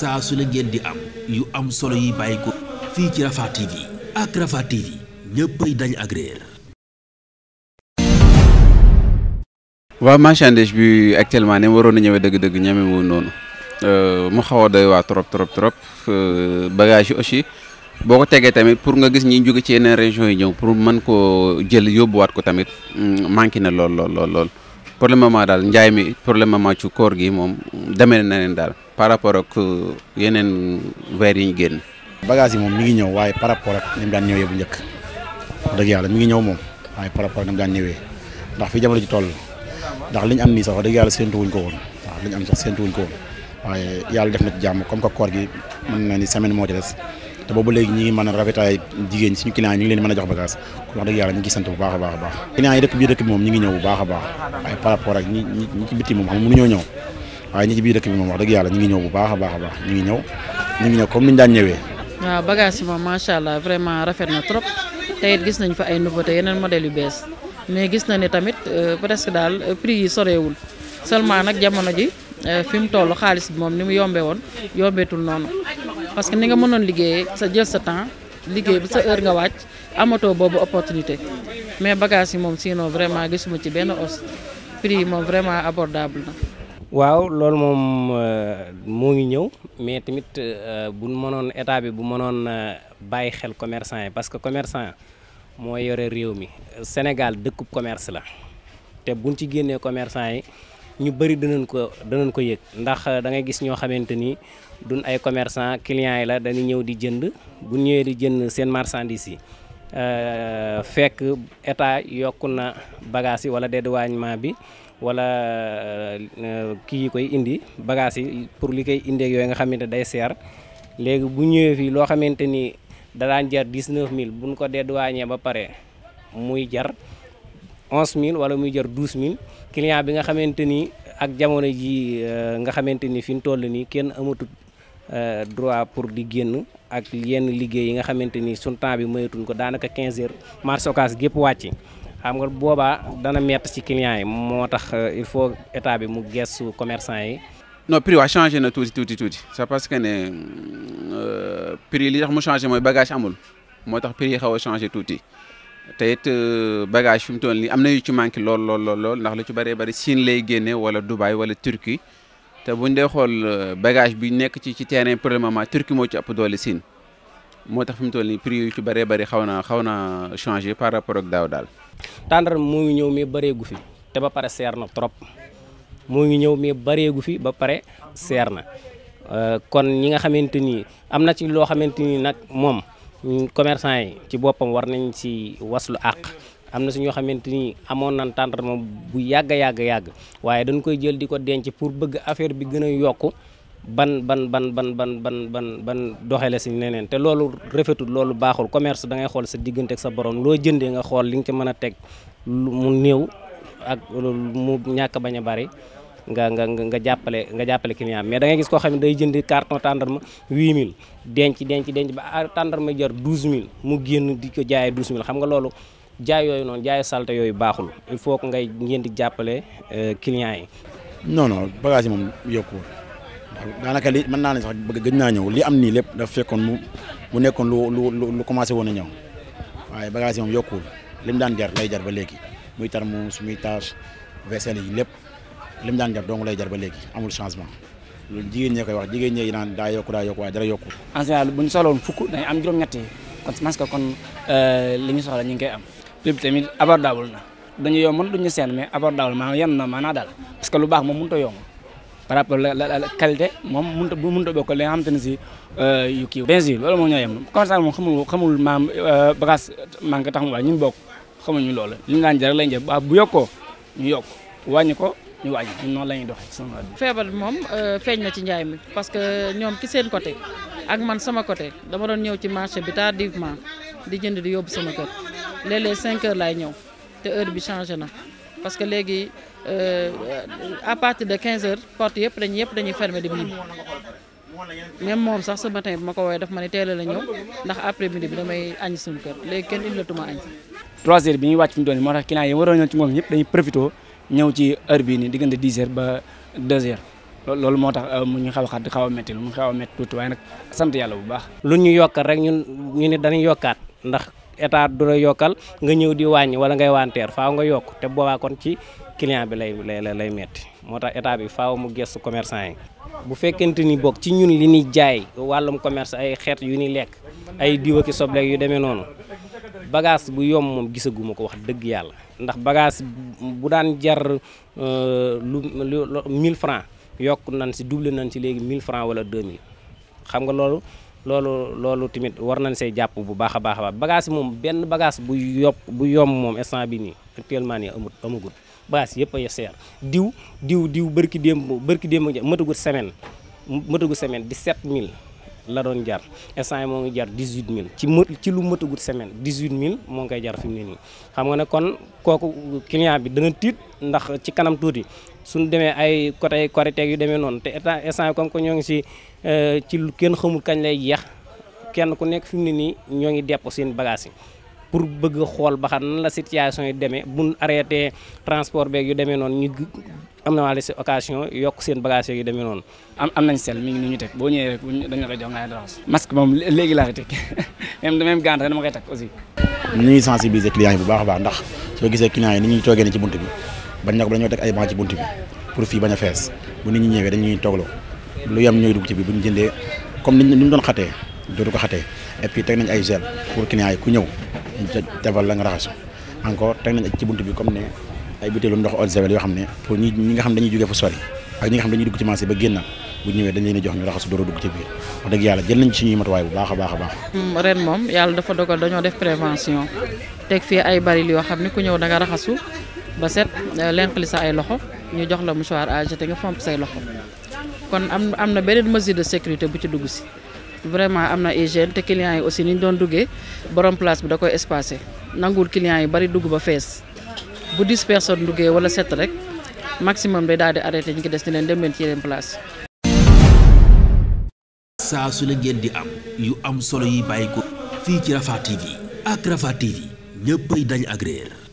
saa su ne ngeen di am yu am solo yi bàyyi ko fii ci Rafah TV ak Rafah TV ñëppay dañ ak réer waaw marchandise bi actuellement ne waroon na ñëwee dëgg-dëgg ñeme wu noonu euh, mu xaw a doy waa trop trop trop euh, bagage yi aussi boo ko tegee tamit pour nga gis ñi jóge ci yeneen région yi ñëw pour mën ko jël yóbbuwaat ko tamit mm, manqué na lool lool lool daal njaay mi pour le moment ci koor gi moom demee na leen daal. par rapport ak euh, yeneen weer yi ñu génn. bagage yi moom mi ngi ñëw waaye par rapport ak ni mu daan ñëwee bu njëkk wax dëgg yàlla mi ngi ñëw moom waaye par rapport ak ni mu daan ñëwee ndax fi jamono ji toll ndax li ñu am nii sax wax dëgg yàlla séntu wuñ ko woon waaw li ñu am wuñ ko woon waaye yàlla def na comme que koor gi mën na ni semaine moo ci des te boobu léegi ñi ngi mën a rafetaay jigéen suñu client yi ñu ngi leen mën a jox bagage kon wax dëgg yàlla ñu ngi sant bu baax a baax a baax client yi dëkk bii bi moom ñi ngi ñëw bu baax a baax waaye par rapport ak ñi ñi ci waaye ñi ci biir dëkk bi ngi ñëw bu baax a baax a baax ñu ngi ñëw ñu ngi ñëw comme ni ñu ñëwee. waaw bagage yi moom macha allah vraiment rafet na trop te gis nañ fa ay nouveauté yeneen modèle yu bees mais gis na ne tamit euh, presque daal euh, prix yi sorewul seulement nag jamono ji euh, fi mu toll xaalis bi moom ni mu yombee woon yombeetul noonu parce que ni nga mënoon liggéeyee sa jël sa temps liggéey ba sa heure nga wàcc amatoo boobu opportunité mais bagage yi moom sinon vraiment gisuma ci benn os prix yi moom vraiment abordable na. waaw loolu moom euh, moo ngi ñëw mais tamit euh, bu mënoon état bi bu mënoon euh, bàyyi xel commerçant yi parce que commerçant moo yore réew mi Sénégal dëkkub commerce la te buñ ci génnee commerçant yi ñu bëri danañ ko danañ ko yëg ndax da ngay gis ñoo xamante ni duñ ay commerçant clients yi la dañuy ñëw di jënd bu ñëwee di jënd seen marchandises yi fekk état yokku na bagage yi wala dédouanement bi wala euh, euh, kii yi koy indi bagages yi pour li koy indee yooyu nga xamante day seer léegi bu ñëwee fii loo xamante ni da daan jar dix mille bu ñu ko duwaañee ba pare muy jar onze mille wala muy jar douze mille client bi nga xamante ni ak jamono ji euh, nga xamante ni fi mu toll nii kenn amatut droit pour di génn ak yenn liggéey yi nga xamante ni sunu temps bi mayetuñ ko daanaka quinze heures marché Ocass gépp wàcc. xam nga boobaa dana métti ci client yi moo tax euh, il faut état bi mu gestu commerçant yi. non prix waa changé na tuuti tuuti tuuti c'est parce que ne euh, prix li tax mu changé mooy bagage amul moo tax prix yi xaw a changé tuuti te it euh, bagage fi mu toll nii am na yu ci manqué lool lool lool ndax lu ci bëree bëri Chine lay génne wala Dubaï wala Turquie te buñ dee xool bagage bi nekk ci ci terrain pour le moment Turquie moo ci ëpp doole Chine. moo tax fi mu toll nii prix yu ci bëree bëri xaw naa xaw na changé par rapport ak daaw daal. tàndar moo ngi ñëw mais bëreegu fi te ba pare seer na trop moo ngi ñëw mais bëreegu fi ba pare seer na euh, kon ñi nga xamante ni am na ci loo xamante ni nag moom commerçant yi ci boppam war nañ ci waslu àq. am na su ñoo xamante ni amoon nañ tàndarma bu yàgg a yàgg yàgg waaye dañ koy jël di ko denc pour bëgg affaire bi gën a yokk ban ban ban ban ban ban ban ban doxale si neneen te loolu rafetul loolu baaxul commerce da ngay xool sa diggante ak sa borom loo jëndee nga xool li nga ci mën a teg mu néew ak mu ñàkk bañ a bari nga nga nga jàppale nga jàppale client mais da ngay gis koo xam ne day jënd carton tàndarma 8000 denc denc denc ba ah, tàndarma jar 12000 mu génn di ko jaayee 12000 xam nga loolu jaay yooyu noonu jaay salte yooyu baaxul il faut que ngay ngeen di jàppale euh, client yi. non non bagage yi moom yokkuwul. daanaka li mën naa ne sax bëgg gëj naa ñëw li am nii lépp daf fekkoon mu mu nekkoon lu lu lu commencé woon a ñëw waaye bagage yi moom yokkuwul lim daan jar lay jar ba léegi muy thermos muy tâche vaisselle yi lépp lim daan jar dong lay jar ba léegi amul changement loolu jigéen ñee ko wax jigéen ñee naan daa yokku daa yokku waaye dara yokku. en général bu ñu soxla woon am juróom-ñett yi kon je pense kon euh, li ñu soxla ñu ngi koy am prix tamit tamit abordable na dañu yomb duñu seen mais abordable maanaam yenn na maanaa daal parce que lu baax moom mënut a yomb par rapport la la qualité moom mënut a mënut a bokk li nga xamante ne si euh, yu kii. bien sûr loolu moo ñoo yem comme ça moom xamul xamul maam euh, bagage manqué tax mu waaye ñun bokk xamuñu loolu li ñu daan jar lañ jëf bu yokkoo ñu yokk wàññi ko ñu wàññi ñun noonu la ñuy doxee sama wàll. feebar bi moom euh, feeñ na ci njaay mi parce que ñoom ci seen côté ak man sama côté dama doon ñëw ci marché bi tardivement di jënd di yóbbu sama kër léeg-léeg cinq heures laay ñëw te heure bi changé na. parce que léegi euh, à partir de 15 heures porte yëpp dañuy yëpp dañuy fermer di midi même moom sax ce matin bi ma ko woowee daf ma ne teel a la ñëw ndax après midi bi damay añ suñu kër léegi kenn indilatuma añ. 3 heures bi ñuy wàcc fi mu doon moo tax client yi waroon ñëw ci moom ñëpp dañuy profité ñëw ci heure bii nii diggante dix heures ba 2 heures. loolu moo tax euh, mu ñu xaw a xat xaw a métti lu mu xaw a métti tuuti waaye nag sant yàlla bu baax. lu ñu yokkaat rek ñun ñu ne dañuy yokkaat ndax. état du la yokkal nga ñëw di wàññi wala ngay wanteer faaw nga yokk te boobaa kon ci client bi lay lay lay metti moo tax état bi faaw mu gëstu commerçant yi. bu fekkente ni bokk ci ñun li ñuy jaay wàllum commerce ay xeet yu ñuy lekk ay diwa ki soble yu demee noonu bagage bu yomb moom gisaguma ko wax dëgg yàlla ndax bagage bu daan jar euh, lu lu 1000 francs yokk nañ si double nañ si léegi 1000 francs wala 2000 xam nga loolu. loolu loolu tamit war nañ see jàpp bu baax a baax a baax bagage moom benn bagage bu yop bu yomb moom instant bi nii actuellement nii amut amagut bagage yëpp a seer diw diw diw bërki démb bërki démb matagut semaine matagut semaine 17000 la doon jar instant moo ngi jar 18000 ci mët ci lu mëtagut semaine 18000 moo ngi koy jar fi nii xam nga ne kon kooku client bi dana tiit ndax ci kanam tuuti suñu demee ay côté Korité yu demee noonu te état instant comme que ñoo ngi si euh, ci lu kenn xamul kañ lay jeex kenn ku nekk fi mu ne nii ñoo ngi depp seen bagage yi pour bëgg xool ba xam la situation yi demee buñ arrêté transport beeg yu demee noonu ñu am na wàllu si occasion yokk seen bagage yi demee noonu. am am nañ sel mi ngi ni ñu teg boo ñëwee rek dañ la koy jox nga moom léegi laa koy teg même koy teg aussi. ñu ngi sensibiliser bu baax a baax ndax soo gisee clients yi ni ñuy toogee ne ci bunt bi bañ na ko ba dañoo teg ñëwee dañuy toogloo lu yem ñooy dugg ci bi bu ñu jëndee comme ni ñu doon xatee dootu ko xatee et puis teg nañ ay gel pour clients yi ku ñëw. ñu defal la nga raxasu encore teg nañ ci bunt bi comme ne ay butéelu ndox eau yoo xam ne pour ñi ñi nga xam dañuy jógee fu sori ak ñi nga xam dañuy dugg ci marché ba génna bu a dugg ñuy matuwaay bu a a baax mm, def prévention teg fii ay baril yoo xam ne ku ñëw da raxasu ba set euh, lenqli sa ay loxo ñu jox la mouchoir à jeter nga fomp say loxo kon am am na beneen mesure de sécurité bu ci dugg si vraiment am na hygiène te clients yi aussi ni ñu doon duggee borom place bi da koy espacé nangul clients yi bari dugg ba fees bu 10 personnes duggee wala 7 rek maximum day daal di arrêté ñu ngi des ni leen dem leen ci yeneen place su la ngeen di am yu am solo yi bàyyi fii ci Rafah TV ak Rafah TV ñëppay